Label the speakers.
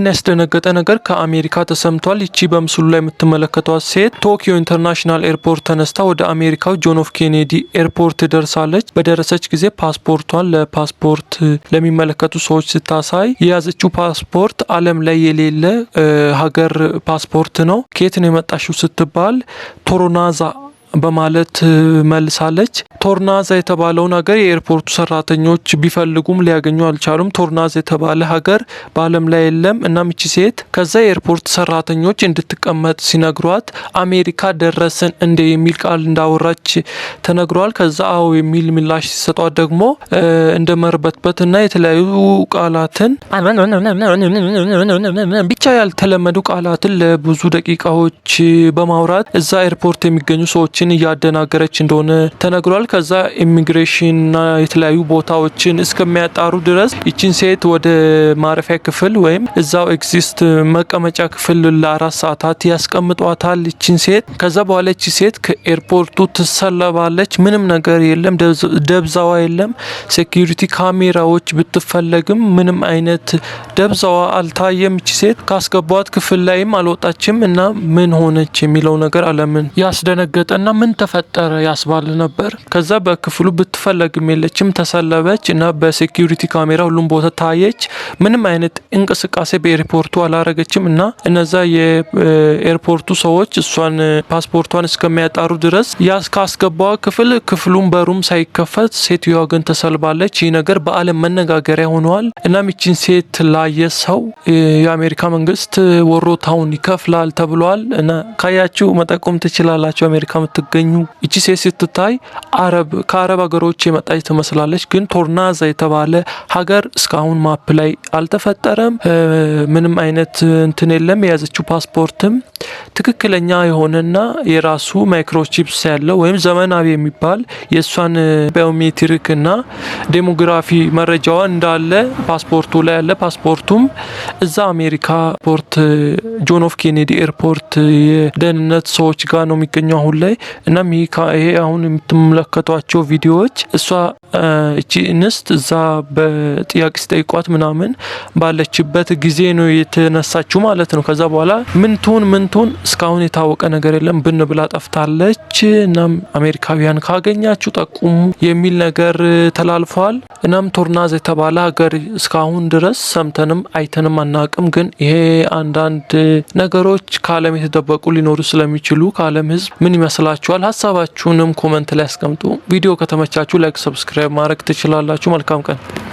Speaker 1: ምን ያስደነገጠ ነገር ከአሜሪካ ተሰምቷል። ይቺ በምስሉ ላይ የምትመለከቷት ሴት ቶኪዮ ኢንተርናሽናል ኤርፖርት ተነስታ ወደ አሜሪካው ጆን ኦፍ ኬኔዲ ኤርፖርት ደርሳለች። በደረሰች ጊዜ ፓስፖርቷን ለፓስፖርት ለሚመለከቱ ሰዎች ስታሳይ የያዘችው ፓስፖርት ዓለም ላይ የሌለ ሀገር ፓስፖርት ነው። ከየት ነው የመጣሽው ስትባል ቶሮናዛ በማለት መልሳለች። ቶርናዛ የተባለውን ሀገር የኤርፖርቱ ሰራተኞች ቢፈልጉም ሊያገኙ አልቻሉም። ቶርናዛ የተባለ ሀገር በዓለም ላይ የለም። እናም እቺ ሴት ከዛ የኤርፖርት ሰራተኞች እንድትቀመጥ ሲነግሯት አሜሪካ ደረስን እንደ የሚል ቃል እንዳወራች ተነግሯል። ከዛ አዎ የሚል ምላሽ ሲሰጧት ደግሞ እንደ መርበትበት እና የተለያዩ ቃላትን ብቻ ያልተለመዱ ቃላትን ለብዙ ደቂቃዎች በማውራት እዛ ኤርፖርት የሚገኙ ሰዎች ሰዎችን እያደናገረች እንደሆነ ተነግሯል። ከዛ ኢሚግሬሽንና የተለያዩ ቦታዎችን እስከሚያጣሩ ድረስ ይችን ሴት ወደ ማረፊያ ክፍል ወይም እዛው ኤግዚስት መቀመጫ ክፍል ለአራት ሰዓታት ያስቀምጧታል ይችን ሴት። ከዛ በኋላ ይቺ ሴት ከኤርፖርቱ ትሰለባለች። ምንም ነገር የለም፣ ደብዛዋ የለም። ሴኪሪቲ ካሜራዎች ብትፈለግም ምንም አይነት ደብዛዋ አልታየም። ይቺ ሴት ካስገቧት ክፍል ላይም አልወጣችም እና ምን ሆነች የሚለው ነገር አለምን ያስደነገጠና ምን ተፈጠረ ያስባል ነበር። ከዛ በክፍሉ ብትፈለግም የለችም፣ ተሰለበች እና በሴኪሪቲ ካሜራ ሁሉም ቦታ ታየች። ምንም አይነት እንቅስቃሴ በኤርፖርቱ አላረገችም እና እነዛ የኤርፖርቱ ሰዎች እሷን ፓስፖርቷን እስከሚያጣሩ ድረስ ያስካስገባዋ ክፍል ክፍሉን በሩም ሳይከፈት ሴትዮዋ ግን ተሰልባለች። ይህ ነገር በዓለም መነጋገሪያ ሆነዋል። እናም ይችን ሴት ላየ ሰው የአሜሪካ መንግስት ወሮታውን ይከፍላል ተብሏል እና ካያችሁ መጠቆም ትችላላችሁ አሜሪካ የምትገኙ እቺ ሴት ስትታይ አረብ ከአረብ ሀገሮች የመጣች ትመስላለች። ግን ቶርናዛ የተባለ ሀገር እስካሁን ማፕ ላይ አልተፈጠረም። ምንም አይነት እንትን የለም። የያዘችው ፓስፖርትም ትክክለኛ የሆነና የራሱ ማይክሮቺፕስ ያለው ወይም ዘመናዊ የሚባል የእሷን ባዮሜትሪክና ዴሞግራፊ መረጃዋ እንዳለ ፓስፖርቱ ላይ ያለ ፓስፖርቱም እዛ አሜሪካ ፖርት ጆን ኦፍ ኬኔዲ ኤርፖርት የደህንነት ሰዎች ጋር ነው የሚገኘው አሁን ላይ እናም ይሄ አሁን የምትመለከቷቸው ቪዲዮዎች እሷ እቺ እንስት እዛ በጥያቄ ሲጠይቋት ምናምን ባለችበት ጊዜ ነው የተነሳችው ማለት ነው። ከዛ በኋላ ምንትሆን ትሆን እስካሁን የታወቀ ነገር የለም። ብን ብላ ጠፍታለች። እናም አሜሪካውያን ካገኛችሁ ጠቁሙ የሚል ነገር ተላልፏል። እናም ቶርናዝ የተባለ ሀገር እስካሁን ድረስ ሰምተንም አይተንም አናቅም። ግን ይሄ አንዳንድ ነገሮች ከዓለም የተደበቁ ሊኖሩ ስለሚችሉ ከዓለም ህዝብ ምን ይመስላል ይመስላችኋል? ሀሳባችሁንም ኮመንት ላይ አስቀምጡ። ቪዲዮ ከተመቻችሁ ላይክ፣ ሰብስክራይብ ማድረግ ትችላላችሁ። መልካም ቀን